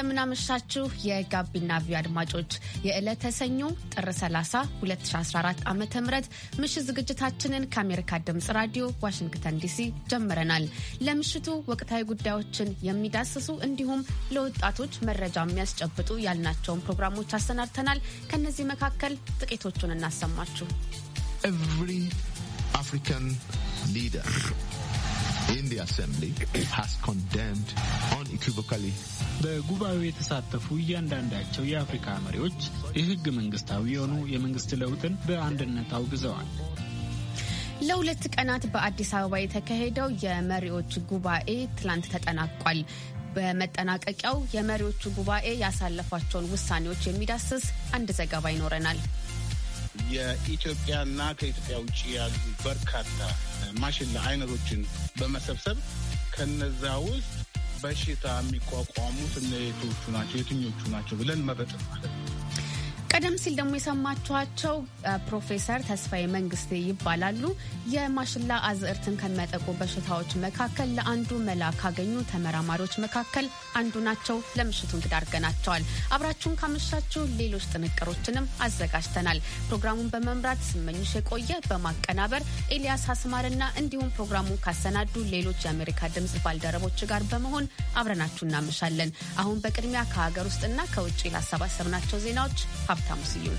እንደምናመሻችሁ የጋቢና ቪ አድማጮች የዕለተ ሰኞ ጥር 30 2014 ዓ ም ምሽት ዝግጅታችንን ከአሜሪካ ድምፅ ራዲዮ ዋሽንግተን ዲሲ ጀምረናል። ለምሽቱ ወቅታዊ ጉዳዮችን የሚዳስሱ እንዲሁም ለወጣቶች መረጃ የሚያስጨብጡ ያልናቸውን ፕሮግራሞች አሰናድተናል። ከእነዚህ መካከል ጥቂቶቹን እናሰማችሁ። ኤቭሪ አፍሪካን ሊደር in the assembly has condemned unequivocally. በጉባኤው የተሳተፉ እያንዳንዳቸው የአፍሪካ መሪዎች የህገ መንግስታዊ የሆኑ የመንግስት ለውጥን በአንድነት አውግዘዋል። ለሁለት ቀናት በአዲስ አበባ የተካሄደው የመሪዎች ጉባኤ ትላንት ተጠናቋል። በመጠናቀቂያው የመሪዎቹ ጉባኤ ያሳለፏቸውን ውሳኔዎች የሚዳስስ አንድ ዘገባ ይኖረናል። የኢትዮጵያና ከኢትዮጵያ ውጭ ያሉ በርካታ ማሽን አይነቶችን በመሰብሰብ ከነዛ ውስጥ በሽታ የሚቋቋሙት እነ የትኞቹ ናቸው የትኞቹ ናቸው ብለን መረጥን ማለት ነው። ቀደም ሲል ደግሞ የሰማችኋቸው ፕሮፌሰር ተስፋዬ መንግስቴ ይባላሉ። የማሽላ አዝእርትን ከሚያጠቁ በሽታዎች መካከል ለአንዱ መላ ካገኙ ተመራማሪዎች መካከል አንዱ ናቸው። ለምሽቱ እንግዳ አድርገናቸዋል። አብራችሁን ካመሻችሁ ሌሎች ጥንቅሮችንም አዘጋጅተናል። ፕሮግራሙን በመምራት ስመኝሽ የቆየ በማቀናበር ኤልያስ አስማርና እንዲሁም ፕሮግራሙን ካሰናዱ ሌሎች የአሜሪካ ድምፅ ባልደረቦች ጋር በመሆን አብረናችሁ እናመሻለን። አሁን በቅድሚያ ከሀገር ውስጥና ከውጭ ላሰባሰብናቸው ዜናዎች ሀብታሙ ስዩም።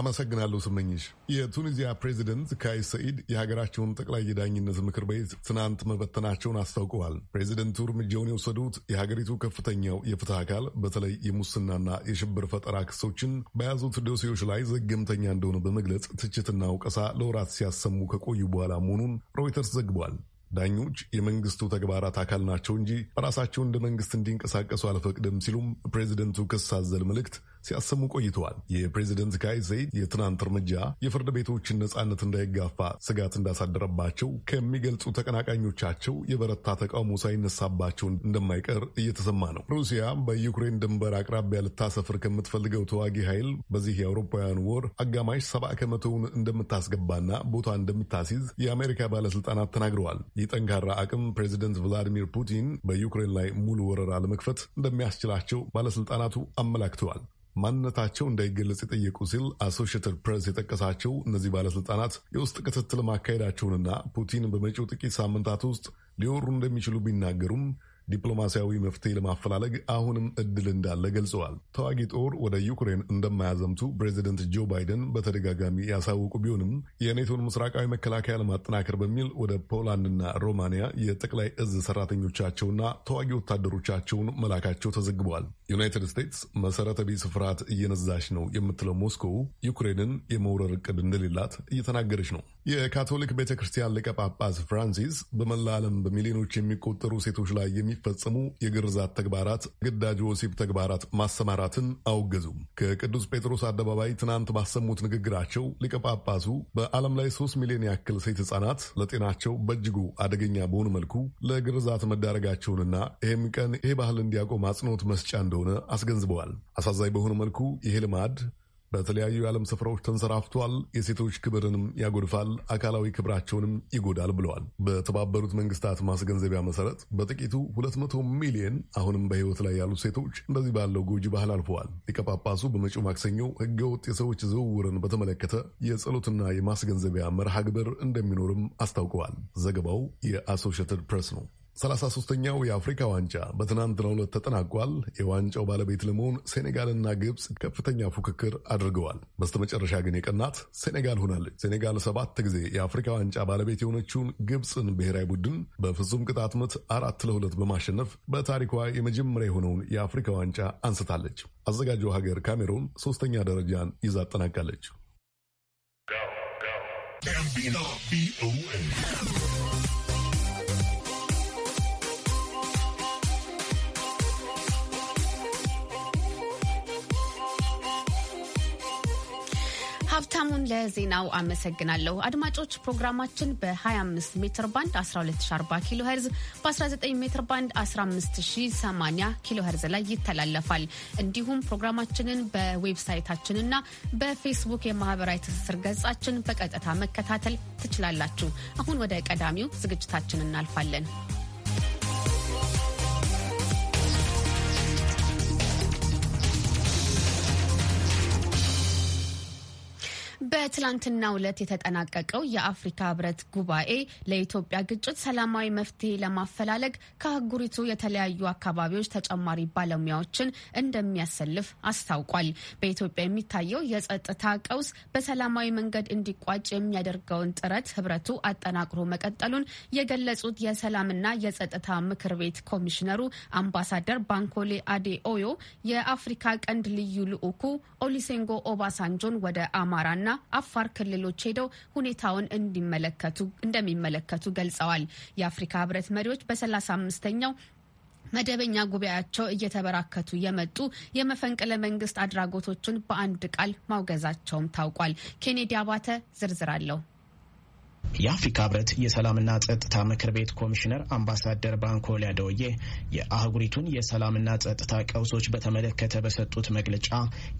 አመሰግናለሁ ስመኝሽ። የቱኒዚያ ፕሬዚደንት ካይ ሰኢድ የሀገራቸውን ጠቅላይ የዳኝነት ምክር ቤት ትናንት መበተናቸውን አስታውቀዋል። ፕሬዚደንቱ እርምጃውን የወሰዱት የሀገሪቱ ከፍተኛው የፍትህ አካል በተለይ የሙስናና የሽብር ፈጠራ ክሶችን በያዙት ዶሴዎች ላይ ዘገምተኛ እንደሆነ በመግለጽ ትችትና ውቀሳ ለወራት ሲያሰሙ ከቆዩ በኋላ መሆኑን ሮይተርስ ዘግቧል። ዳኞች የመንግስቱ ተግባራት አካል ናቸው እንጂ በራሳቸው እንደ መንግስት እንዲንቀሳቀሱ አልፈቅድም ሲሉም ፕሬዚደንቱ ክስ አዘል መልእክት ሲያሰሙ ቆይተዋል። የፕሬዚደንት ካይ ዘይድ የትናንት እርምጃ የፍርድ ቤቶችን ነጻነት እንዳይጋፋ ስጋት እንዳሳደረባቸው ከሚገልጹ ተቀናቃኞቻቸው የበረታ ተቃውሞ ሳይነሳባቸው እንደማይቀር እየተሰማ ነው። ሩሲያ በዩክሬን ድንበር አቅራቢያ ልታሰፍር ከምትፈልገው ተዋጊ ኃይል በዚህ የአውሮፓውያን ወር አጋማሽ ሰባ ከመቶውን እንደምታስገባና ቦታ እንደምታስይዝ የአሜሪካ ባለስልጣናት ተናግረዋል። ይህ ጠንካራ አቅም ፕሬዚደንት ቭላዲሚር ፑቲን በዩክሬን ላይ ሙሉ ወረራ ለመክፈት እንደሚያስችላቸው ባለስልጣናቱ አመላክተዋል። ማንነታቸው እንዳይገለጽ የጠየቁ ሲል አሶሺየትድ ፕሬስ የጠቀሳቸው እነዚህ ባለስልጣናት የውስጥ ክትትል ማካሄዳቸውንና ፑቲን በመጪው ጥቂት ሳምንታት ውስጥ ሊወሩ እንደሚችሉ ቢናገሩም ዲፕሎማሲያዊ መፍትሄ ለማፈላለግ አሁንም እድል እንዳለ ገልጸዋል። ተዋጊ ጦር ወደ ዩክሬን እንደማያዘምቱ ፕሬዚደንት ጆ ባይደን በተደጋጋሚ ያሳወቁ ቢሆንም የኔቶን ምስራቃዊ መከላከያ ለማጠናከር በሚል ወደ ፖላንድና ሮማንያ የጠቅላይ እዝ ሰራተኞቻቸውና ተዋጊ ወታደሮቻቸውን መላካቸው ተዘግበዋል። ዩናይትድ ስቴትስ መሰረተ ቢስ ፍርሃት እየነዛች ነው የምትለው ሞስኮ ዩክሬንን የመውረር እቅድ እንደሌላት እየተናገረች ነው። የካቶሊክ ቤተ ክርስቲያን ሊቀ ጳጳስ ፍራንሲስ በመላ ዓለም በሚሊዮኖች የሚቆጠሩ ሴቶች ላይ የሚ ሲፈጸሙ የግርዛት ተግባራት፣ ግዳጅ ወሲብ ተግባራት ማሰማራትን አውገዙም። ከቅዱስ ጴጥሮስ አደባባይ ትናንት ባሰሙት ንግግራቸው ሊቀ ጳጳሱ በዓለም ላይ ሶስት ሚሊዮን ያክል ሴት ህጻናት ለጤናቸው በእጅጉ አደገኛ በሆኑ መልኩ ለግርዛት መዳረጋቸውንና ይህም ቀን ይህ ባህል እንዲያቆም አጽንኦት መስጫ እንደሆነ አስገንዝበዋል። አሳዛኝ በሆነ መልኩ ይሄ ልማድ በተለያዩ የዓለም ስፍራዎች ተንሰራፍቷል፣ የሴቶች ክብርንም ያጎድፋል፣ አካላዊ ክብራቸውንም ይጎዳል ብለዋል። በተባበሩት መንግስታት ማስገንዘቢያ መሰረት በጥቂቱ 200 ሚሊየን አሁንም በህይወት ላይ ያሉ ሴቶች እንደዚህ ባለው ጎጂ ባህል አልፈዋል። ሊቀ ጳጳሱ በመጪው ማክሰኞ ህገወጥ የሰዎች ዝውውርን በተመለከተ የጸሎትና የማስገንዘቢያ መርሃ ግብር እንደሚኖርም አስታውቀዋል። ዘገባው የአሶሽትድ ፕሬስ ነው። ሰላሳ ሶስተኛው የአፍሪካ ዋንጫ በትናንትናው ዕለት ተጠናቋል። የዋንጫው ባለቤት ለመሆን ሴኔጋልና ግብፅ ከፍተኛ ፉክክር አድርገዋል። በስተመጨረሻ ግን የቀናት ሴኔጋል ሆናለች። ሴኔጋል ሰባት ጊዜ የአፍሪካ ዋንጫ ባለቤት የሆነችውን ግብፅን ብሔራዊ ቡድን በፍጹም ቅጣት ምት አራት ለሁለት በማሸነፍ በታሪኳ የመጀመሪያ የሆነውን የአፍሪካ ዋንጫ አንስታለች። አዘጋጁ ሀገር ካሜሩን ሶስተኛ ደረጃን ይዛ አጠናቃለች። ሀብታሙን ለዜናው አመሰግናለሁ። አድማጮች ፕሮግራማችን በ25 ሜትር ባንድ 1240 ኪሎ ሄርዝ በ19 ሜትር ባንድ 15080 ኪሎ ሄርዝ ላይ ይተላለፋል። እንዲሁም ፕሮግራማችንን በዌብሳይታችንና በፌስቡክ የማህበራዊ ትስስር ገጻችን በቀጥታ መከታተል ትችላላችሁ። አሁን ወደ ቀዳሚው ዝግጅታችን እናልፋለን። በትላንትናው ዕለት የተጠናቀቀው የአፍሪካ ህብረት ጉባኤ ለኢትዮጵያ ግጭት ሰላማዊ መፍትሄ ለማፈላለግ ከአህጉሪቱ የተለያዩ አካባቢዎች ተጨማሪ ባለሙያዎችን እንደሚያሰልፍ አስታውቋል። በኢትዮጵያ የሚታየው የጸጥታ ቀውስ በሰላማዊ መንገድ እንዲቋጭ የሚያደርገውን ጥረት ህብረቱ አጠናክሮ መቀጠሉን የገለጹት የሰላምና የጸጥታ ምክር ቤት ኮሚሽነሩ አምባሳደር ባንኮሌ ኦዮ የአፍሪካ ቀንድ ልዩ ልዑኩ ኦሊሴንጎ ኦባሳንጆን ወደ አማራና አፋር ክልሎች ሄደው ሁኔታውን እንዲመለከቱ እንደሚመለከቱ ገልጸዋል። የአፍሪካ ህብረት መሪዎች በሰላሳ አምስተኛው መደበኛ ጉባኤያቸው እየተበራከቱ የመጡ የመፈንቅለ መንግስት አድራጎቶችን በአንድ ቃል ማውገዛቸውም ታውቋል። ኬኔዲ አባተ ዝርዝር አለው። የአፍሪካ ህብረት የሰላምና ጸጥታ ምክር ቤት ኮሚሽነር አምባሳደር ባንኮሊያ ደውዬ የአህጉሪቱን የሰላምና ጸጥታ ቀውሶች በተመለከተ በሰጡት መግለጫ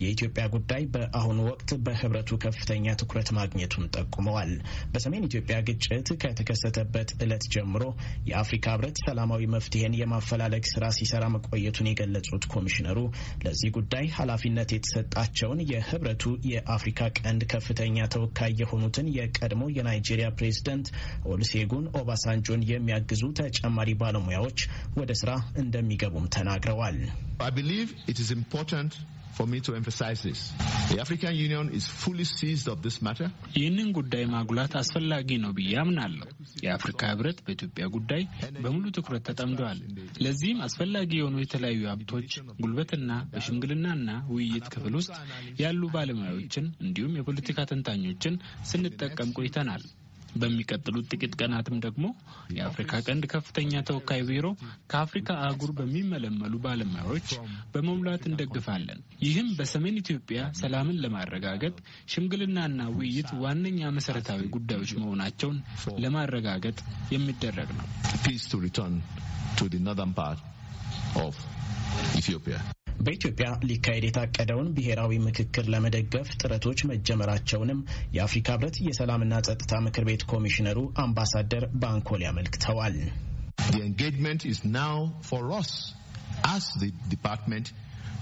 የኢትዮጵያ ጉዳይ በአሁኑ ወቅት በህብረቱ ከፍተኛ ትኩረት ማግኘቱን ጠቁመዋል። በሰሜን ኢትዮጵያ ግጭት ከተከሰተበት ዕለት ጀምሮ የአፍሪካ ህብረት ሰላማዊ መፍትሄን የማፈላለግ ስራ ሲሰራ መቆየቱን የገለጹት ኮሚሽነሩ ለዚህ ጉዳይ ኃላፊነት የተሰጣቸውን የህብረቱ የአፍሪካ ቀንድ ከፍተኛ ተወካይ የሆኑትን የቀድሞ የናይጄሪያ ፕሬዝደንት ኦልሴጉን ኦባሳንጆን የሚያግዙ ተጨማሪ ባለሙያዎች ወደ ስራ እንደሚገቡም ተናግረዋል። ይህንን ጉዳይ ማጉላት አስፈላጊ ነው ብዬ አምናለሁ። የአፍሪካ ህብረት በኢትዮጵያ ጉዳይ በሙሉ ትኩረት ተጠምደዋል። ለዚህም አስፈላጊ የሆኑ የተለያዩ ሀብቶች፣ ጉልበትና በሽምግልናና ውይይት ክፍል ውስጥ ያሉ ባለሙያዎችን እንዲሁም የፖለቲካ ተንታኞችን ስንጠቀም ቆይተናል። በሚቀጥሉት ጥቂት ቀናትም ደግሞ የአፍሪካ ቀንድ ከፍተኛ ተወካይ ቢሮ ከአፍሪካ አህጉር በሚመለመሉ ባለሙያዎች በመሙላት እንደግፋለን። ይህም በሰሜን ኢትዮጵያ ሰላምን ለማረጋገጥ ሽምግልናና ውይይት ዋነኛ መሰረታዊ ጉዳዮች መሆናቸውን ለማረጋገጥ የሚደረግ ነው። ኢትዮጵያ በኢትዮጵያ ሊካሄድ የታቀደውን ብሔራዊ ምክክር ለመደገፍ ጥረቶች መጀመራቸውንም የአፍሪካ ህብረት የሰላምና ጸጥታ ምክር ቤት ኮሚሽነሩ አምባሳደር ባንኮሊ አመልክተዋል። ኤንጌጅመንት ኢዝ ናው ፎር አስ ዲፓርትመንት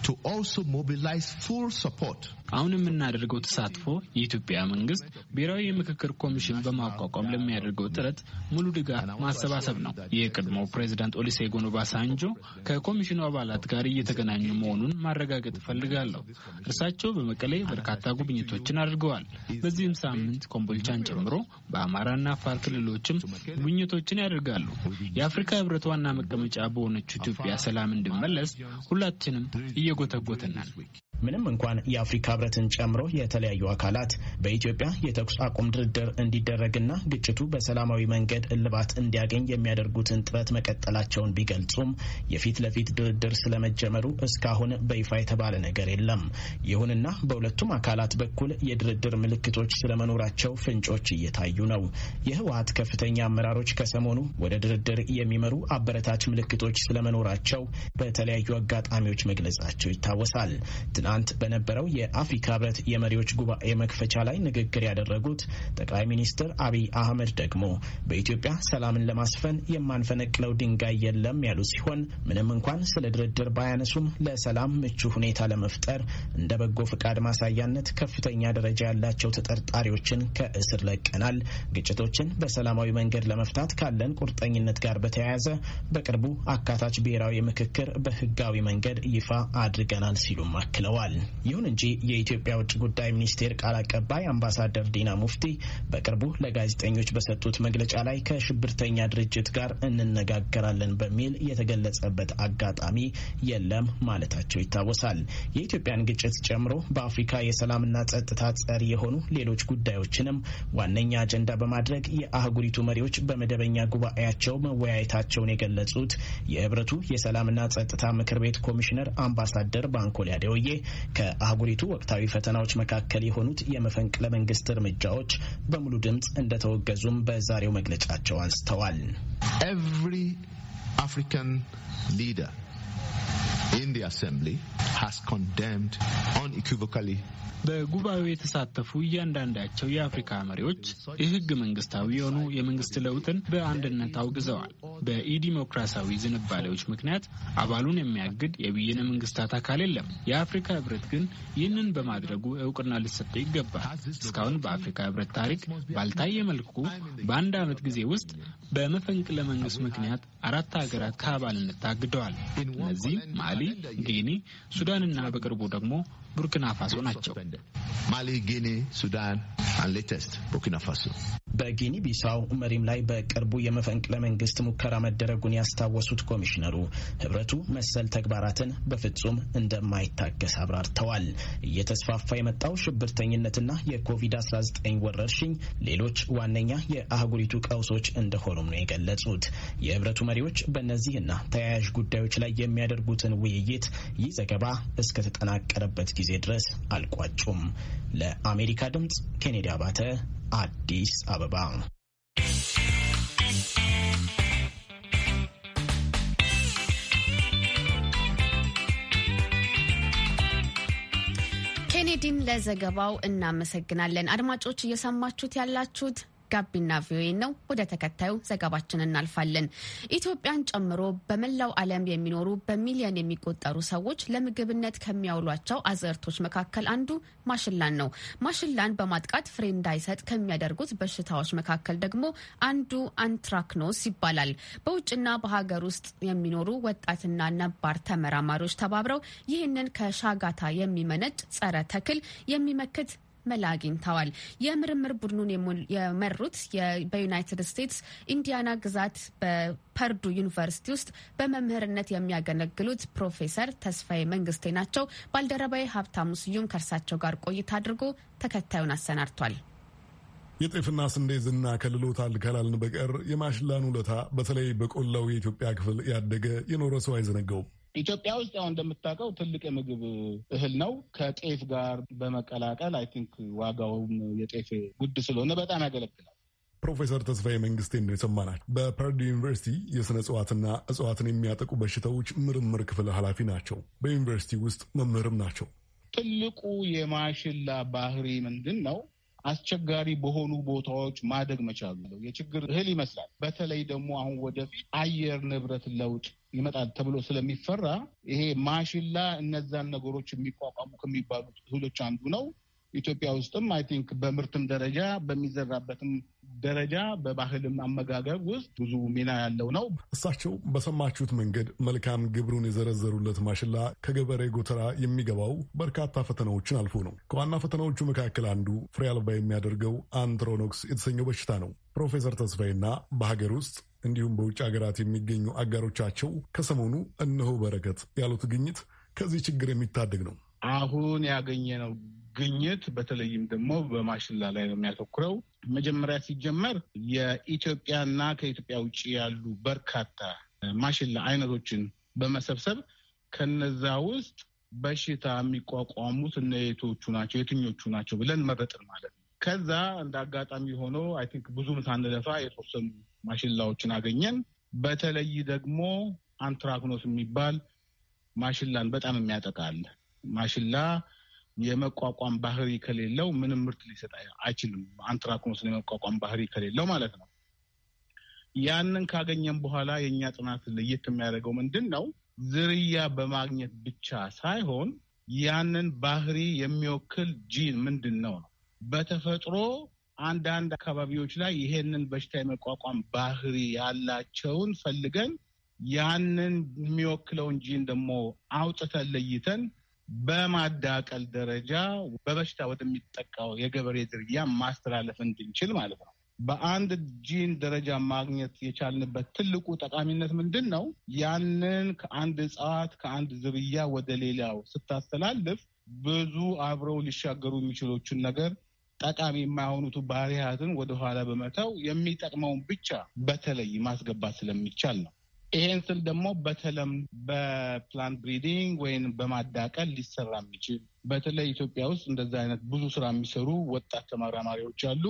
ቱ ኦልሶ ሞቢላይዝ ፉል ሰፖርት አሁን የምናደርገው ተሳትፎ የኢትዮጵያ መንግስት ብሔራዊ የምክክር ኮሚሽን በማቋቋም ለሚያደርገው ጥረት ሙሉ ድጋፍ ማሰባሰብ ነው። የቀድሞው ፕሬዚዳንት ኦሊሴጎን ኦባሳንጆ ከኮሚሽኑ አባላት ጋር እየተገናኙ መሆኑን ማረጋገጥ እፈልጋለሁ። እርሳቸው በመቀሌ በርካታ ጉብኝቶችን አድርገዋል። በዚህም ሳምንት ኮምቦልቻን ጨምሮ በአማራና አፋር ክልሎችም ጉብኝቶችን ያደርጋሉ። የአፍሪካ ህብረት ዋና መቀመጫ በሆነችው ኢትዮጵያ ሰላም እንዲመለስ ሁላችንም እየጎተጎትናል። ምንም እንኳን የአፍሪካ ህብረትን ጨምሮ የተለያዩ አካላት በኢትዮጵያ የተኩስ አቁም ድርድር እንዲደረግና ግጭቱ በሰላማዊ መንገድ እልባት እንዲያገኝ የሚያደርጉትን ጥረት መቀጠላቸውን ቢገልጹም የፊት ለፊት ድርድር ስለመጀመሩ እስካሁን በይፋ የተባለ ነገር የለም። ይሁንና በሁለቱም አካላት በኩል የድርድር ምልክቶች ስለመኖራቸው ፍንጮች እየታዩ ነው። የህወሀት ከፍተኛ አመራሮች ከሰሞኑ ወደ ድርድር የሚመሩ አበረታች ምልክቶች ስለመኖራቸው በተለያዩ አጋጣሚዎች መግለጻቸው ይታወሳል። ትናንት በነበረው የአፍሪካ ህብረት የመሪዎች ጉባኤ መክፈቻ ላይ ንግግር ያደረጉት ጠቅላይ ሚኒስትር አቢይ አህመድ ደግሞ በኢትዮጵያ ሰላምን ለማስፈን የማንፈነቅለው ድንጋይ የለም ያሉ ሲሆን ምንም እንኳን ስለ ድርድር ባያነሱም ለሰላም ምቹ ሁኔታ ለመፍጠር እንደ በጎ ፈቃድ ማሳያነት ከፍተኛ ደረጃ ያላቸው ተጠርጣሪዎችን ከእስር ለቀናል። ግጭቶችን በሰላማዊ መንገድ ለመፍታት ካለን ቁርጠኝነት ጋር በተያያዘ በቅርቡ አካታች ብሔራዊ ምክክር በህጋዊ መንገድ ይፋ አድርገናል ሲሉም አክለዋል። አድርገዋል። ይሁን እንጂ የኢትዮጵያ ውጭ ጉዳይ ሚኒስቴር ቃል አቀባይ አምባሳደር ዲና ሙፍቲ በቅርቡ ለጋዜጠኞች በሰጡት መግለጫ ላይ ከሽብርተኛ ድርጅት ጋር እንነጋገራለን በሚል የተገለጸበት አጋጣሚ የለም ማለታቸው ይታወሳል። የኢትዮጵያን ግጭት ጨምሮ በአፍሪካ የሰላምና ጸጥታ ጸር የሆኑ ሌሎች ጉዳዮችንም ዋነኛ አጀንዳ በማድረግ የአህጉሪቱ መሪዎች በመደበኛ ጉባኤያቸው መወያየታቸውን የገለጹት የህብረቱ የሰላምና ጸጥታ ምክር ቤት ኮሚሽነር አምባሳደር ባንኮሊያ ደውዬ ከአህጉሪቱ ወቅታዊ ፈተናዎች መካከል የሆኑት የመፈንቅለ መንግስት እርምጃዎች በሙሉ ድምፅ እንደተወገዙም በዛሬው መግለጫቸው አንስተዋል። Every African in the assembly has condemned unequivocally በጉባኤው የተሳተፉ እያንዳንዳቸው የአፍሪካ መሪዎች የህግ መንግስታዊ የሆኑ የመንግስት ለውጥን በአንድነት አውግዘዋል። በኢዲሞክራሲያዊ ዝንባሌዎች ምክንያት አባሉን የሚያግድ የብይነ መንግስታት አካል የለም። የአፍሪካ ህብረት ግን ይህንን በማድረጉ እውቅና ሊሰጠው ይገባል። እስካሁን በአፍሪካ ህብረት ታሪክ ባልታየ መልኩ በአንድ ዓመት ጊዜ ውስጥ በመፈንቅለ መንግስት ምክንያት አራት ሀገራት ከአባልነት ታግደዋል። እነዚህም ማሊ፣ ማሊ፣ ጊኒ፣ ሱዳንና በቅርቡ ደግሞ ቡርኪና ፋሶ ናቸው። ማሊ፣ ጊኒ፣ ሱዳን በጊኒ ቢሳው መሪም ላይ በቅርቡ የመፈንቅለ መንግስት ሙከራ መደረጉን ያስታወሱት ኮሚሽነሩ ህብረቱ መሰል ተግባራትን በፍጹም እንደማይታገስ አብራርተዋል። እየተስፋፋ የመጣው ሽብርተኝነትና የኮቪድ-19 ወረርሽኝ ሌሎች ዋነኛ የአህጉሪቱ ቀውሶች እንደሆኑም ነው የገለጹት። የህብረቱ መሪዎች በእነዚህና ተያያዥ ጉዳዮች ላይ የሚያደርጉትን ውይይት ይህ ዘገባ እስከተጠናቀረበት ጊዜ ድረስ አልቋጩም። ለአሜሪካ ድምጽ ኬኔዲ አባተ አዲስ አበባ ኬኔዲን ለዘገባው እናመሰግናለን። አድማጮች እየሰማችሁት ያላችሁት ጋቢና ቪኦኤ ነው። ወደ ተከታዩ ዘገባችን እናልፋለን። ኢትዮጵያን ጨምሮ በመላው ዓለም የሚኖሩ በሚሊዮን የሚቆጠሩ ሰዎች ለምግብነት ከሚያውሏቸው አዝርቶች መካከል አንዱ ማሽላን ነው። ማሽላን በማጥቃት ፍሬ እንዳይሰጥ ከሚያደርጉት በሽታዎች መካከል ደግሞ አንዱ አንትራክኖስ ይባላል። በውጭና በሀገር ውስጥ የሚኖሩ ወጣትና ነባር ተመራማሪዎች ተባብረው ይህንን ከሻጋታ የሚመነጭ ጸረ ተክል የሚመክት መላ አግኝተዋል። የምርምር ቡድኑን የመሩት በዩናይትድ ስቴትስ ኢንዲያና ግዛት በፐርዱ ዩኒቨርሲቲ ውስጥ በመምህርነት የሚያገለግሉት ፕሮፌሰር ተስፋዬ መንግስቴ ናቸው። ባልደረባዊ ሀብታሙ ስዩም ከእርሳቸው ጋር ቆይታ አድርጎ ተከታዩን አሰናድቷል። የጤፍና ስንዴ ዝና ከልሎታል ካላልን በቀር የማሽላን ውለታ በተለይ በቆላው የኢትዮጵያ ክፍል ያደገ የኖረ ሰው አይዘነጋውም። ኢትዮጵያ ውስጥ ያው እንደምታውቀው ትልቅ የምግብ እህል ነው። ከጤፍ ጋር በመቀላቀል አይ ቲንክ ዋጋውም የጤፍ ጉድ ስለሆነ በጣም ያገለግላል። ፕሮፌሰር ተስፋዬ መንግስቴ ነው የሰማናቸው። በፐርድ ዩኒቨርሲቲ የሥነ እጽዋትና እጽዋትን የሚያጠቁ በሽታዎች ምርምር ክፍል ኃላፊ ናቸው። በዩኒቨርሲቲ ውስጥ መምህርም ናቸው። ትልቁ የማሽላ ባህሪ ምንድን ነው? አስቸጋሪ በሆኑ ቦታዎች ማደግ መቻሉ የችግር እህል ይመስላል። በተለይ ደግሞ አሁን ወደፊት አየር ንብረት ለውጥ ይመጣል ተብሎ ስለሚፈራ ይሄ ማሽላ እነዛን ነገሮች የሚቋቋሙ ከሚባሉት እህሎች አንዱ ነው። ኢትዮጵያ ውስጥም አይ ቲንክ በምርትም ደረጃ በሚዘራበትም ደረጃ በባህልም አመጋገብ ውስጥ ብዙ ሚና ያለው ነው። እሳቸው በሰማችሁት መንገድ መልካም ግብሩን የዘረዘሩለት ማሽላ ከገበሬ ጎተራ የሚገባው በርካታ ፈተናዎችን አልፎ ነው። ከዋና ፈተናዎቹ መካከል አንዱ ፍሬ አልባ የሚያደርገው አንትሮኖክስ የተሰኘው በሽታ ነው። ፕሮፌሰር ተስፋዬና በሀገር ውስጥ እንዲሁም በውጭ ሀገራት የሚገኙ አጋሮቻቸው ከሰሞኑ እነሆ በረከት ያሉት ግኝት ከዚህ ችግር የሚታደግ ነው። አሁን ያገኘ ነው ግኝት በተለይም ደግሞ በማሽላ ላይ ነው የሚያተኩረው። መጀመሪያ ሲጀመር የኢትዮጵያና ከኢትዮጵያ ውጭ ያሉ በርካታ ማሽላ አይነቶችን በመሰብሰብ ከነዛ ውስጥ በሽታ የሚቋቋሙት እነ የቶቹ ናቸው የትኞቹ ናቸው ብለን መረጥን ማለት ነው። ከዛ እንደ አጋጣሚ ሆኖ አይ ቲንክ ብዙም ሳንለፋ የተወሰኑ ማሽላዎችን አገኘን። በተለይ ደግሞ አንትራክኖስ የሚባል ማሽላን በጣም የሚያጠቃል ማሽላ የመቋቋም ባህሪ ከሌለው ምንም ምርት ሊሰጥ አይችልም። አንትራኮንስን የመቋቋም ባህሪ ከሌለው ማለት ነው። ያንን ካገኘም በኋላ የእኛ ጥናት ለየት የሚያደርገው ምንድን ነው? ዝርያ በማግኘት ብቻ ሳይሆን ያንን ባህሪ የሚወክል ጂን ምንድን ነው ነው በተፈጥሮ አንዳንድ አካባቢዎች ላይ ይሄንን በሽታ የመቋቋም ባህሪ ያላቸውን ፈልገን ያንን የሚወክለውን ጂን ደግሞ አውጥተን ለይተን በማዳቀል ደረጃ በበሽታ ወደሚጠቃው የገበሬ ዝርያ ማስተላለፍ እንድንችል ማለት ነው። በአንድ ጂን ደረጃ ማግኘት የቻልንበት ትልቁ ጠቃሚነት ምንድን ነው? ያንን ከአንድ እጽዋት ከአንድ ዝርያ ወደ ሌላው ስታስተላልፍ ብዙ አብረው ሊሻገሩ የሚችሎችን ነገር ጠቃሚ የማይሆኑት ባህሪያትን ወደኋላ በመተው የሚጠቅመውን ብቻ በተለይ ማስገባት ስለሚቻል ነው። ይሄን ስል ደግሞ በተለም በፕላንት ብሪዲንግ ወይም በማዳቀል ሊሰራ የሚችል በተለይ ኢትዮጵያ ውስጥ እንደዛ አይነት ብዙ ስራ የሚሰሩ ወጣት ተመራማሪዎች አሉ።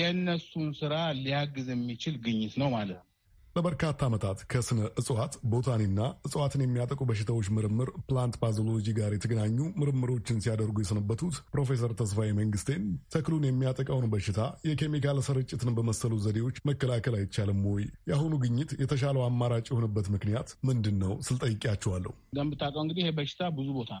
የእነሱን ስራ ሊያግዝ የሚችል ግኝት ነው ማለት ነው። ለበርካታ ዓመታት ከስነ እጽዋት ቦታኒና እጽዋትን የሚያጠቁ በሽታዎች ምርምር ፕላንት ፓዞሎጂ ጋር የተገናኙ ምርምሮችን ሲያደርጉ የሰነበቱት ፕሮፌሰር ተስፋዬ መንግስቴን ተክሉን የሚያጠቃውን በሽታ የኬሚካል ስርጭትን በመሰሉ ዘዴዎች መከላከል አይቻልም ወይ? የአሁኑ ግኝት የተሻለው አማራጭ የሆነበት ምክንያት ምንድን ነው ስል ጠይቄያቸዋለሁ። እንደምታውቀው እንግዲህ ይህ በሽታ ብዙ ቦታ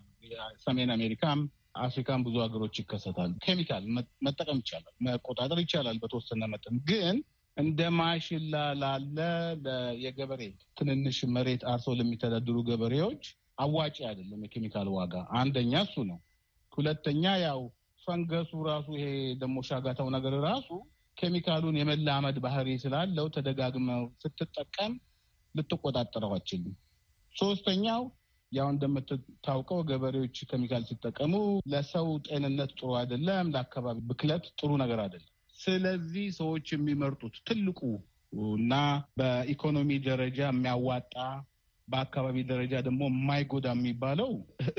ሰሜን አሜሪካም አፍሪካም ብዙ ሀገሮች ይከሰታሉ። ኬሚካል መጠቀም ይቻላል፣ መቆጣጠር ይቻላል። በተወሰነ መጠን ግን እንደ ማሽላ ላለ የገበሬ ትንንሽ መሬት አርሶ ለሚተዳድሩ ገበሬዎች አዋጭ አይደለም። የኬሚካል ዋጋ አንደኛ እሱ ነው። ሁለተኛ ያው ፈንገሱ ራሱ ይሄ ደግሞ ሻጋታው ነገር ራሱ ኬሚካሉን የመላመድ ባህሪ ስላለው ተደጋግመው ስትጠቀም ልትቆጣጠረው አችልም። ሶስተኛው ያው እንደምትታውቀው ገበሬዎች ኬሚካል ሲጠቀሙ ለሰው ጤንነት ጥሩ አይደለም፣ ለአካባቢ ብክለት ጥሩ ነገር አይደለም። ስለዚህ ሰዎች የሚመርጡት ትልቁ እና በኢኮኖሚ ደረጃ የሚያዋጣ በአካባቢ ደረጃ ደግሞ የማይጎዳ የሚባለው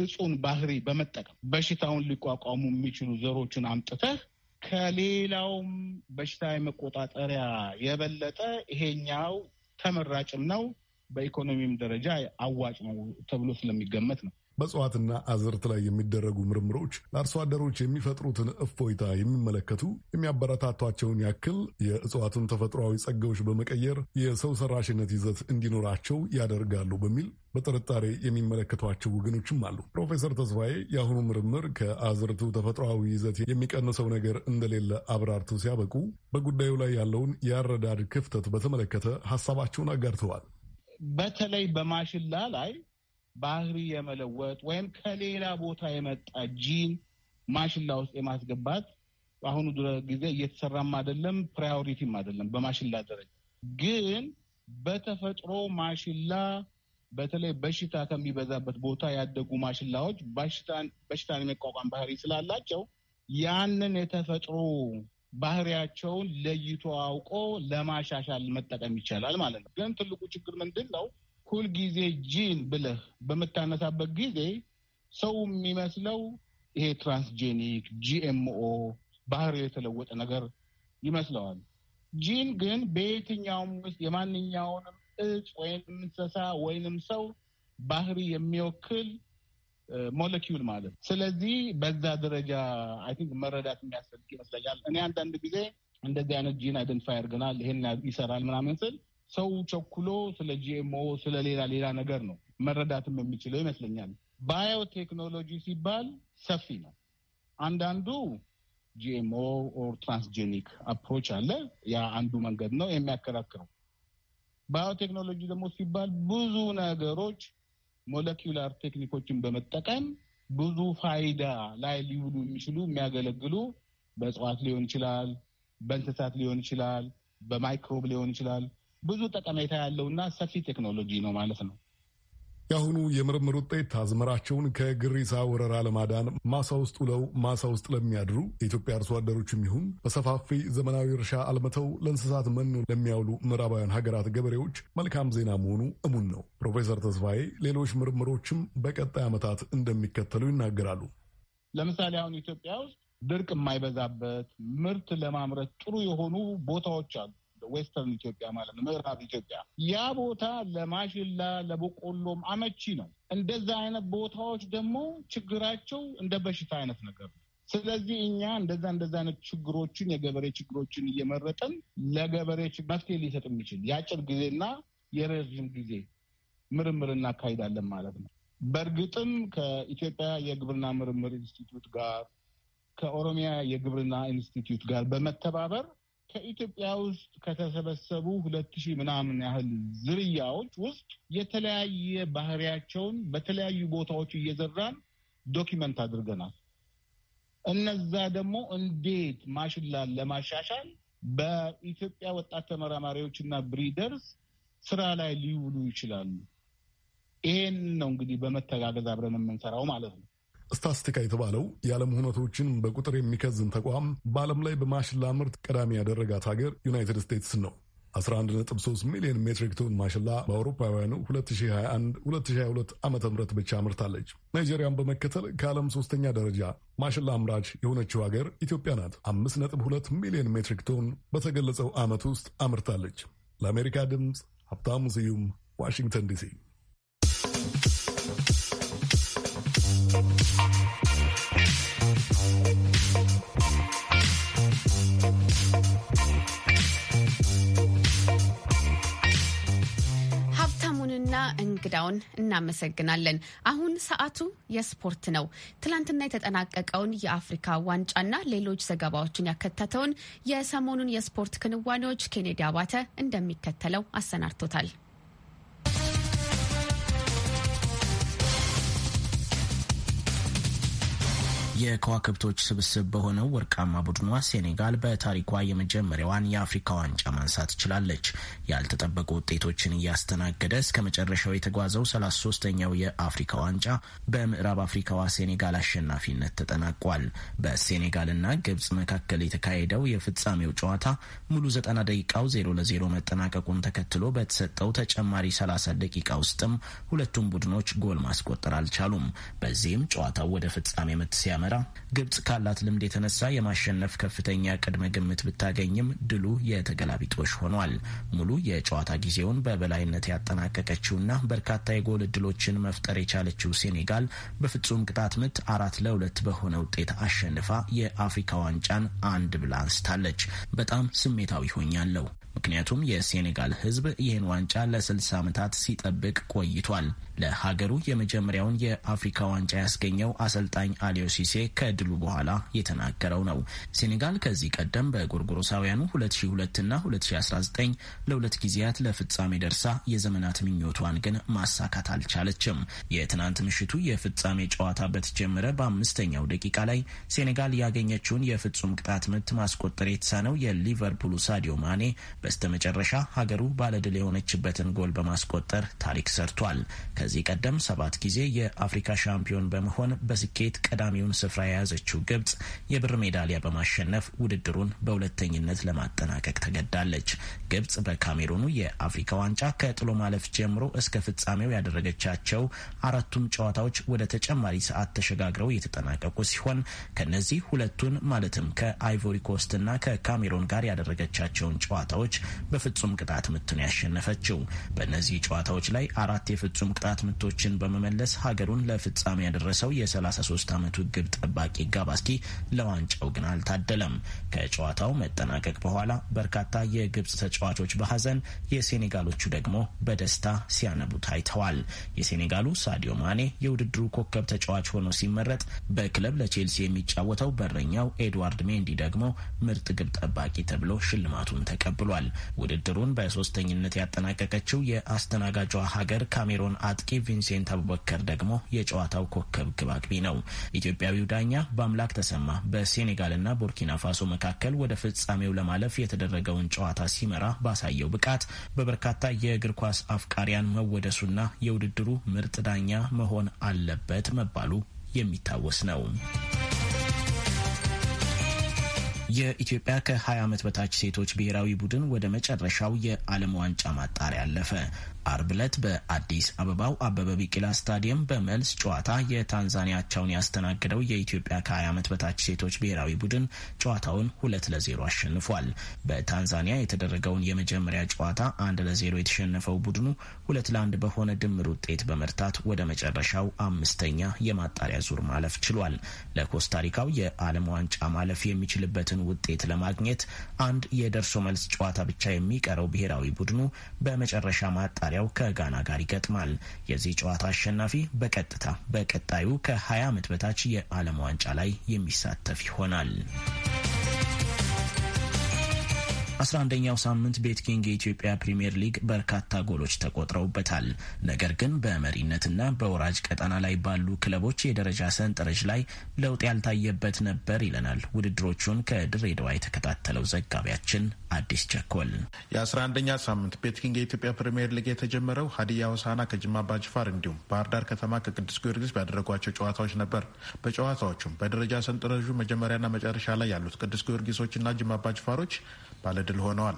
እጹን ባህሪ በመጠቀም በሽታውን ሊቋቋሙ የሚችሉ ዘሮችን አምጥተህ ከሌላውም በሽታ የመቆጣጠሪያ የበለጠ ይሄኛው ተመራጭም ነው፣ በኢኮኖሚም ደረጃ አዋጭ ነው ተብሎ ስለሚገመት ነው። በእጽዋትና አዝርት ላይ የሚደረጉ ምርምሮች ለአርሶ አደሮች የሚፈጥሩትን እፎይታ የሚመለከቱ የሚያበረታቷቸውን ያክል የእጽዋቱን ተፈጥሯዊ ጸጋዎች በመቀየር የሰው ሰራሽነት ይዘት እንዲኖራቸው ያደርጋሉ በሚል በጥርጣሬ የሚመለከቷቸው ወገኖችም አሉ። ፕሮፌሰር ተስፋዬ የአሁኑ ምርምር ከአዝርቱ ተፈጥሯዊ ይዘት የሚቀንሰው ነገር እንደሌለ አብራርቱ ሲያበቁ በጉዳዩ ላይ ያለውን የአረዳድ ክፍተት በተመለከተ ሀሳባቸውን አጋርተዋል። በተለይ በማሽላ ላይ ባህሪ የመለወጥ ወይም ከሌላ ቦታ የመጣ ጂን ማሽላ ውስጥ የማስገባት በአሁኑ ጊዜ እየተሰራም አይደለም፣ ፕራዮሪቲም አይደለም። በማሽላ ደረጃ ግን በተፈጥሮ ማሽላ በተለይ በሽታ ከሚበዛበት ቦታ ያደጉ ማሽላዎች በሽታን የመቋቋም ባህሪ ስላላቸው ያንን የተፈጥሮ ባህሪያቸውን ለይቶ አውቆ ለማሻሻል መጠቀም ይቻላል ማለት ነው። ግን ትልቁ ችግር ምንድን ነው? ሁልጊዜ ጂን ብለህ በምታነሳበት ጊዜ ሰው የሚመስለው ይሄ ትራንስጄኒክ ጂኤምኦ ባህር የተለወጠ ነገር ይመስለዋል። ጂን ግን በየትኛውም ውስጥ የማንኛውንም እጽ ወይም እንስሳ ወይንም ሰው ባህሪ የሚወክል ሞለኪውል ማለት። ስለዚህ በዛ ደረጃ አይ ቲንክ መረዳት የሚያስፈልግ ይመስለኛል። እኔ አንዳንድ ጊዜ እንደዚህ አይነት ጂን አይደንቲፋይ አድርገናል፣ ይሄን ይሰራል ምናምን ስል ሰው ቸኩሎ ስለ ጂኤምኦ ስለ ሌላ ሌላ ነገር ነው መረዳትም የሚችለው ይመስለኛል። ባዮ ቴክኖሎጂ ሲባል ሰፊ ነው። አንዳንዱ ጂኤምኦ ኦር ትራንስጄኒክ አፕሮች አለ። ያ አንዱ መንገድ ነው የሚያከራክረው። ባዮቴክኖሎጂ ደግሞ ሲባል ብዙ ነገሮች ሞለኪላር ቴክኒኮችን በመጠቀም ብዙ ፋይዳ ላይ ሊውሉ የሚችሉ የሚያገለግሉ በእጽዋት ሊሆን ይችላል፣ በእንስሳት ሊሆን ይችላል፣ በማይክሮብ ሊሆን ይችላል ብዙ ጠቀሜታ ያለውና ሰፊ ቴክኖሎጂ ነው ማለት ነው። የአሁኑ የምርምር ውጤት አዝመራቸውን ከግሪሳ ወረራ ለማዳን ማሳ ውስጥ ውለው ማሳ ውስጥ ለሚያድሩ የኢትዮጵያ አርሶ አደሮች የሚሆን በሰፋፊ ዘመናዊ እርሻ አልምተው ለእንስሳት መኖ ለሚያውሉ ምዕራባውያን ሀገራት ገበሬዎች መልካም ዜና መሆኑ እሙን ነው። ፕሮፌሰር ተስፋዬ ሌሎች ምርምሮችም በቀጣይ ዓመታት እንደሚከተሉ ይናገራሉ። ለምሳሌ አሁን ኢትዮጵያ ውስጥ ድርቅ የማይበዛበት ምርት ለማምረት ጥሩ የሆኑ ቦታዎች አሉ። ዌስተርን ኢትዮጵያ ማለት ነው፣ ምዕራብ ኢትዮጵያ። ያ ቦታ ለማሽላ ለበቆሎም አመቺ ነው። እንደዛ አይነት ቦታዎች ደግሞ ችግራቸው እንደ በሽታ አይነት ነገር ነው። ስለዚህ እኛ እንደዛ እንደዛ አይነት ችግሮችን የገበሬ ችግሮችን እየመረጠን ለገበሬ መፍትሄ ሊሰጥ የሚችል የአጭር ጊዜና የረዥም ጊዜ ምርምር እናካሂዳለን ማለት ነው። በእርግጥም ከኢትዮጵያ የግብርና ምርምር ኢንስቲትዩት ጋር ከኦሮሚያ የግብርና ኢንስቲትዩት ጋር በመተባበር ከኢትዮጵያ ውስጥ ከተሰበሰቡ ሁለት ሺህ ምናምን ያህል ዝርያዎች ውስጥ የተለያየ ባህሪያቸውን በተለያዩ ቦታዎች እየዘራን ዶኪመንት አድርገናል። እነዛ ደግሞ እንዴት ማሽላን ለማሻሻል በኢትዮጵያ ወጣት ተመራማሪዎች እና ብሪደርስ ስራ ላይ ሊውሉ ይችላሉ። ይሄን ነው እንግዲህ በመተጋገዝ አብረን የምንሰራው ማለት ነው። ስታስቲካ የተባለው የዓለም ሁነቶችን በቁጥር የሚከዝን ተቋም በዓለም ላይ በማሽላ ምርት ቀዳሚ ያደረጋት ሀገር ዩናይትድ ስቴትስ ነው። 11.3 ሚሊዮን ሜትሪክ ቶን ማሽላ በአውሮፓውያኑ 2021-2022 ዓ ም ብቻ አምርታለች። ናይጄሪያን በመከተል ከዓለም ሶስተኛ ደረጃ ማሽላ አምራች የሆነችው ሀገር ኢትዮጵያ ናት። 5.2 ሚሊዮን ሜትሪክ ቶን በተገለጸው ዓመት ውስጥ አምርታለች። ለአሜሪካ ድምፅ ሀብታሙ ስዩም ዋሽንግተን ዲሲ እንግዳውን እናመሰግናለን። አሁን ሰዓቱ የስፖርት ነው። ትላንትና የተጠናቀቀውን የአፍሪካ ዋንጫና ሌሎች ዘገባዎችን ያከተተውን የሰሞኑን የስፖርት ክንዋኔዎች ኬኔዲ አባተ እንደሚከተለው አሰናድቶታል። የከዋክብቶች ስብስብ በሆነው ወርቃማ ቡድኗ ሴኔጋል በታሪኳ የመጀመሪያዋን የአፍሪካ ዋንጫ ማንሳት ችላለች። ያልተጠበቁ ውጤቶችን እያስተናገደ እስከ መጨረሻው የተጓዘው 33ኛው የአፍሪካ ዋንጫ በምዕራብ አፍሪካዋ ሴኔጋል አሸናፊነት ተጠናቋል። በሴኔጋልና ግብጽ መካከል የተካሄደው የፍጻሜው ጨዋታ ሙሉ 9 ደቂቃው 0 ለ0 መጠናቀቁን ተከትሎ በተሰጠው ተጨማሪ 30 ደቂቃ ውስጥም ሁለቱም ቡድኖች ጎል ማስቆጠር አልቻሉም። በዚህም ጨዋታው ወደ ፍጻሜ ምት ሲያመራ ፉጀራ ግብጽ ካላት ልምድ የተነሳ የማሸነፍ ከፍተኛ ቅድመ ግምት ብታገኝም ድሉ የተገላቢጦሽ ሆኗል። ሙሉ የጨዋታ ጊዜውን በበላይነት ያጠናቀቀችውና በርካታ የጎል እድሎችን መፍጠር የቻለችው ሴኔጋል በፍጹም ቅጣት ምት አራት ለሁለት በሆነ ውጤት አሸንፋ የአፍሪካ ዋንጫን አንድ ብላ አንስታለች። በጣም ስሜታዊ ሆኛለሁ። ምክንያቱም የሴኔጋል ህዝብ ይህን ዋንጫ ለ60 ዓመታት ሲጠብቅ ቆይቷል። ለሀገሩ የመጀመሪያውን የአፍሪካ ዋንጫ ያስገኘው አሰልጣኝ አሊዮ ሲሴ ከድሉ በኋላ የተናገረው ነው። ሴኔጋል ከዚህ ቀደም በጎርጎሮሳውያኑ 2002 እና 2019 ለሁለት ጊዜያት ለፍጻሜ ደርሳ የዘመናት ምኞቷን ግን ማሳካት አልቻለችም። የትናንት ምሽቱ የፍጻሜ ጨዋታ በተጀመረ በአምስተኛው ደቂቃ ላይ ሴኔጋል ያገኘችውን የፍጹም ቅጣት ምት ማስቆጠር የተሳነው የሊቨርፑሉ ሳዲዮ ማኔ በስተመጨረሻ ሀገሩ ባለድል የሆነችበትን ጎል በማስቆጠር ታሪክ ሰርቷል። ከዚህ ቀደም ሰባት ጊዜ የአፍሪካ ሻምፒዮን በመሆን በስኬት ቀዳሚውን ስፍራ የያዘችው ግብጽ የብር ሜዳሊያ በማሸነፍ ውድድሩን በሁለተኝነት ለማጠናቀቅ ተገዳለች። ግብጽ በካሜሩኑ የአፍሪካ ዋንጫ ከጥሎ ማለፍ ጀምሮ እስከ ፍጻሜው ያደረገቻቸው አራቱም ጨዋታዎች ወደ ተጨማሪ ሰዓት ተሸጋግረው የተጠናቀቁ ሲሆን ከነዚህ ሁለቱን ማለትም ከአይቮሪ ኮስትና ከካሜሮን ጋር ያደረገቻቸውን ጨዋታዎች ተጫዋቾች በፍጹም ቅጣት ምትን ያሸነፈችው። በእነዚህ ጨዋታዎች ላይ አራት የፍጹም ቅጣት ምቶችን በመመለስ ሀገሩን ለፍጻሜ ያደረሰው የ33 ዓመቱ ግብ ጠባቂ ጋባስኪ ለዋንጫው ግን አልታደለም። ከጨዋታው መጠናቀቅ በኋላ በርካታ የግብፅ ተጫዋቾች በሀዘን የሴኔጋሎቹ ደግሞ በደስታ ሲያነቡ ታይተዋል። የሴኔጋሉ ሳዲዮ ማኔ የውድድሩ ኮከብ ተጫዋች ሆኖ ሲመረጥ፣ በክለብ ለቼልሲ የሚጫወተው በረኛው ኤድዋርድ ሜንዲ ደግሞ ምርጥ ግብ ጠባቂ ተብሎ ሽልማቱን ተቀብሏል። ተገኝተዋል። ውድድሩን በሶስተኝነት ያጠናቀቀችው የአስተናጋጇ ሀገር ካሜሮን አጥቂ ቪንሴንት አቡበከር ደግሞ የጨዋታው ኮከብ ግብ አግቢ ነው። ኢትዮጵያዊው ዳኛ በአምላክ ተሰማ በሴኔጋልና ቡርኪና ፋሶ መካከል ወደ ፍጻሜው ለማለፍ የተደረገውን ጨዋታ ሲመራ ባሳየው ብቃት በበርካታ የእግር ኳስ አፍቃሪያን መወደሱና የውድድሩ ምርጥ ዳኛ መሆን አለበት መባሉ የሚታወስ ነው። የኢትዮጵያ ከ20 ዓመት በታች ሴቶች ብሔራዊ ቡድን ወደ መጨረሻው የዓለም ዋንጫ ማጣሪያ አለፈ። አርብ ዕለት በአዲስ አበባው አበበ ቢቂላ ስታዲየም በመልስ ጨዋታ የታንዛኒያቸውን ያስተናገደው የኢትዮጵያ ከ20 ዓመት በታች ሴቶች ብሔራዊ ቡድን ጨዋታውን ሁለት ለዜሮ አሸንፏል። በታንዛኒያ የተደረገውን የመጀመሪያ ጨዋታ አንድ ለዜሮ የተሸነፈው ቡድኑ ሁለት ለአንድ በሆነ ድምር ውጤት በመርታት ወደ መጨረሻው አምስተኛ የማጣሪያ ዙር ማለፍ ችሏል። ለኮስታሪካው የዓለም ዋንጫ ማለፍ የሚችልበት የሚፈልጉትን ውጤት ለማግኘት አንድ የደርሶ መልስ ጨዋታ ብቻ የሚቀረው ብሔራዊ ቡድኑ በመጨረሻ ማጣሪያው ከጋና ጋር ይገጥማል። የዚህ ጨዋታ አሸናፊ በቀጥታ በቀጣዩ ከ20 ዓመት በታች የዓለም ዋንጫ ላይ የሚሳተፍ ይሆናል። በ11ኛው ሳምንት ቤትኪንግ የኢትዮጵያ ፕሪምየር ሊግ በርካታ ጎሎች ተቆጥረውበታል። ነገር ግን በመሪነትና በወራጅ ቀጠና ላይ ባሉ ክለቦች የደረጃ ሰንጠረዥ ላይ ለውጥ ያልታየበት ነበር ይለናል ውድድሮቹን ከድሬዳዋ የተከታተለው ዘጋቢያችን አዲስ ቸኮል። የ11ኛ ሳምንት ቤትኪንግ የኢትዮጵያ ፕሪምየር ሊግ የተጀመረው ሀዲያ ሆሳና ከጅማ አባጅፋር እንዲሁም ባህር ዳር ከተማ ከቅዱስ ጊዮርጊስ ባደረጓቸው ጨዋታዎች ነበር። በጨዋታዎቹም በደረጃ ሰንጠረዡ መጀመሪያና መጨረሻ ላይ ያሉት ቅዱስ ጊዮርጊሶችና ጅማ አባጅፋሮች ባለድ ድል ሆነዋል።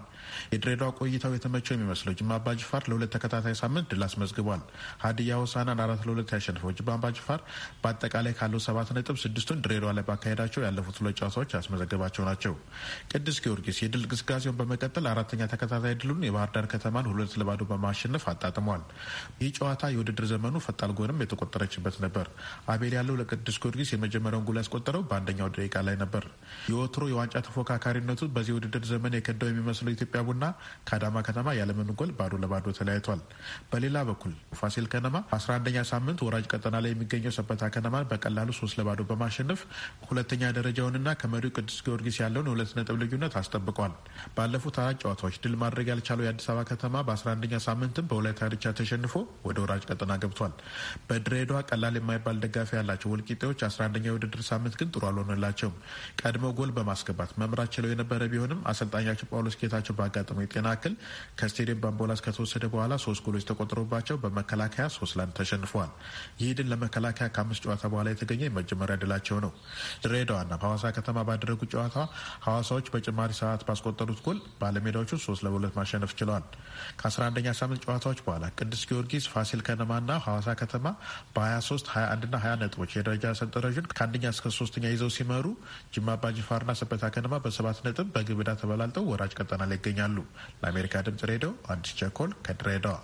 የድሬዳዋ ቆይታው የተመቸው የሚመስለው ጅማ አባጅፋር ለሁለት ተከታታይ ሳምንት ድል አስመዝግቧል። ሀዲያ ሆሳዕናን አራት ለሁለት ያሸንፈው ጅማ አባጅፋር በአጠቃላይ ካለው ሰባት ነጥብ ስድስቱን ድሬዳዋ ላይ ባካሄዳቸው ያለፉት ሁለት ጨዋታዎች ያስመዘገባቸው ናቸው። ቅዱስ ጊዮርጊስ የድል ግስጋሴውን በመቀጠል አራተኛ ተከታታይ ድሉን የባህር ዳር ከተማን ሁለት ለባዶ በማሸነፍ አጣጥሟል። ይህ ጨዋታ የውድድር ዘመኑ ፈጣን ጎንም የተቆጠረችበት ነበር። አቤል ያለው ለቅዱስ ጊዮርጊስ የመጀመሪያውን ጎል ያስቆጠረው በአንደኛው ደቂቃ ላይ ነበር። የወትሮ የዋንጫ ተፎካካሪነቱ በዚህ ውድድር ዘመን የከ የሚገዳው የሚመስለው ኢትዮጵያ ቡና ከአዳማ ከተማ ያለምንም ጎል ባዶ ለባዶ ተለያይቷል። በሌላ በኩል ፋሲል ከነማ አስራ አንደኛ ሳምንት ወራጅ ቀጠና ላይ የሚገኘው ሰበታ ከነማን በቀላሉ ሶስት ለባዶ በማሸነፍ ሁለተኛ ደረጃውንና ከመሪው ቅዱስ ጊዮርጊስ ያለውን የሁለት ነጥብ ልዩነት አስጠብቋል። ባለፉት አራት ጨዋታዎች ድል ማድረግ ያልቻለው የአዲስ አበባ ከተማ በአስራ አንደኛ ሳምንትም በወላይታ ድቻ ተሸንፎ ወደ ወራጅ ቀጠና ገብቷል። በድሬዳዋ ቀላል የማይባል ደጋፊ ያላቸው ወልቂጤዎች አስራ አንደኛ የውድድር ሳምንት ግን ጥሩ አልሆነላቸውም። ቀድሞ ጎል በማስገባት መምራት ችለው የነበረ ቢሆንም አሰልጣኛቸው ተጫዋቹ ጳውሎስ ጌታቸው ባጋጠመው የጤና እክል ከስቴዲየም በአምቡላንስ ከተወሰደ በኋላ ሶስት ጎሎች ተቆጥሮባቸው በመከላከያ ሶስት ለአንድ ተሸንፏል። ይህ ድል ለመከላከያ ከአምስት ጨዋታ በኋላ የተገኘ የመጀመሪያ ድላቸው ነው። ድሬዳዋና በሐዋሳ ከተማ ባደረጉት ጨዋታ ሐዋሳዎች በጭማሪ ሰዓት ባስቆጠሩት ጎል ባለሜዳዎቹ ሶስት ለሁለት ማሸነፍ ችለዋል። ከ11ኛ ሳምንት ጨዋታዎች በኋላ ቅዱስ ጊዮርጊስ፣ ፋሲል ከነማና ሐዋሳ ከተማ በ23 21ና 20 ነጥቦች የደረጃ ሰንጠረዥን ከአንደኛ እስከ ሶስተኛ ይዘው ሲመሩ ጅማ አባጅፋርና ሰበታ ከነማ በሰባት ነጥብ በግብዳ ተበላልጠው ወራጅ ቀጠና ላይ ይገኛሉ። ለአሜሪካ ድምጽ ሬዲዮ አዲስ ቸኮል ከድሬዳዋ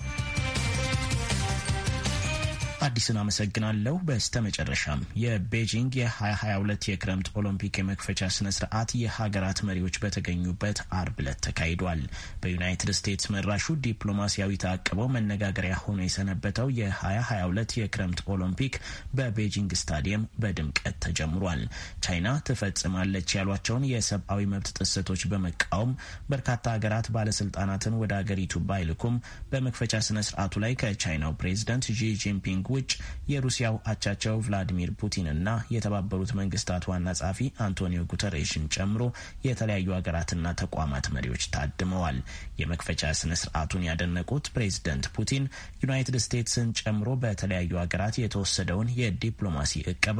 አዲስን አመሰግናለሁ። በስተመጨረሻም የቤጂንግ የ2022 የክረምት ኦሎምፒክ የመክፈቻ ስነ ስርዓት የሀገራት መሪዎች በተገኙበት አርብ ዕለት ተካሂዷል። በዩናይትድ ስቴትስ መራሹ ዲፕሎማሲያዊ ተአቅበው መነጋገሪያ ሆኖ የሰነበተው የ2022 የክረምት ኦሎምፒክ በቤጂንግ ስታዲየም በድምቀት ተጀምሯል። ቻይና ትፈጽማለች ያሏቸውን የሰብአዊ መብት ጥሰቶች በመቃወም በርካታ ሀገራት ባለስልጣናትን ወደ አገሪቱ ባይልኩም በመክፈቻ ስነ ስርዓቱ ላይ ከቻይናው ፕሬዚደንት ጂ ጂንፒንግ ውጭ የሩሲያው አቻቸው ቭላዲሚር ፑቲንና የተባበሩት መንግስታት ዋና ጸሐፊ አንቶኒዮ ጉተሬሽን ጨምሮ የተለያዩ ሀገራትና ተቋማት መሪዎች ታድመዋል። የመክፈቻ ስነ ስርዓቱን ያደነቁት ፕሬዚደንት ፑቲን ዩናይትድ ስቴትስን ጨምሮ በተለያዩ ሀገራት የተወሰደውን የዲፕሎማሲ እቀባ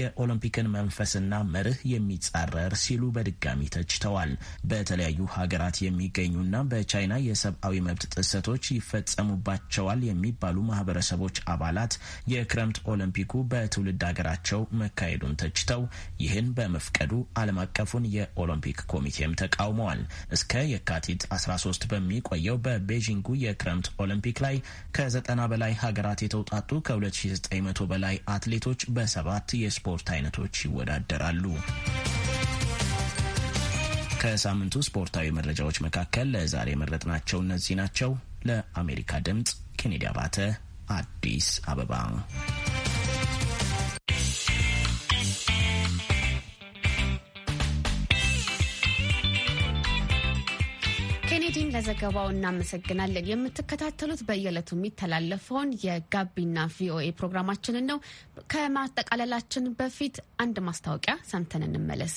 የኦሎምፒክን መንፈስና መርህ የሚጻረር ሲሉ በድጋሚ ተችተዋል። በተለያዩ ሀገራት የሚገኙና በቻይና የሰብአዊ መብት ጥሰቶች ይፈጸሙባቸዋል የሚባሉ ማህበረሰቦች አባላት ሀገራት የክረምት ኦሎምፒኩ በትውልድ ሀገራቸው መካሄዱን ተችተው ይህን በመፍቀዱ ዓለም አቀፉን የኦሎምፒክ ኮሚቴም ተቃውመዋል። እስከ የካቲት 13 በሚቆየው በቤዥንጉ የክረምት ኦሎምፒክ ላይ ከ90 በላይ ሀገራት የተውጣጡ ከ2900 በላይ አትሌቶች በሰባት የስፖርት አይነቶች ይወዳደራሉ። ከሳምንቱ ስፖርታዊ መረጃዎች መካከል ለዛሬ ናቸው እነዚህ ናቸው። ለአሜሪካ ድምፅ ኬኔዲ አባተ አዲስ አበባ። ኬኔዲን ለዘገባው እናመሰግናለን። የምትከታተሉት በየዕለቱ የሚተላለፈውን የጋቢና ቪኦኤ ፕሮግራማችንን ነው። ከማጠቃለላችን በፊት አንድ ማስታወቂያ ሰምተን እንመለስ።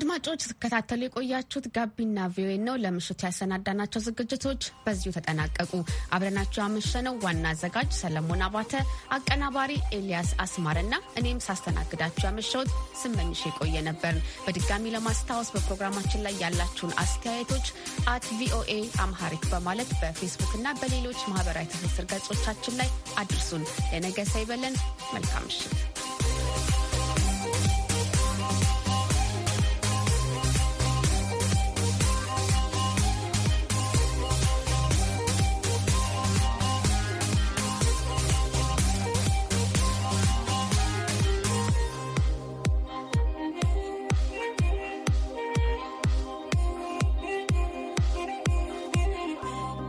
አድማጮች ስትከታተሉ የቆያችሁት ጋቢና ቪኦኤ ነው። ለምሽቱ ያሰናዳናቸው ዝግጅቶች በዚሁ ተጠናቀቁ። አብረናቸው ያመሸነው ዋና አዘጋጅ ሰለሞን አባተ፣ አቀናባሪ ኤልያስ አስማርና እኔም ሳስተናግዳችሁ ያመሸሁት ስመኝሽ የቆየ ነበርን። በድጋሚ ለማስታወስ በፕሮግራማችን ላይ ያላችሁን አስተያየቶች አት ቪኦኤ አምሃሪክ በማለት በፌስቡክ እና በሌሎች ማህበራዊ ትስስር ገጾቻችን ላይ አድርሱን። የነገ ሳይበለን መልካም ምሽት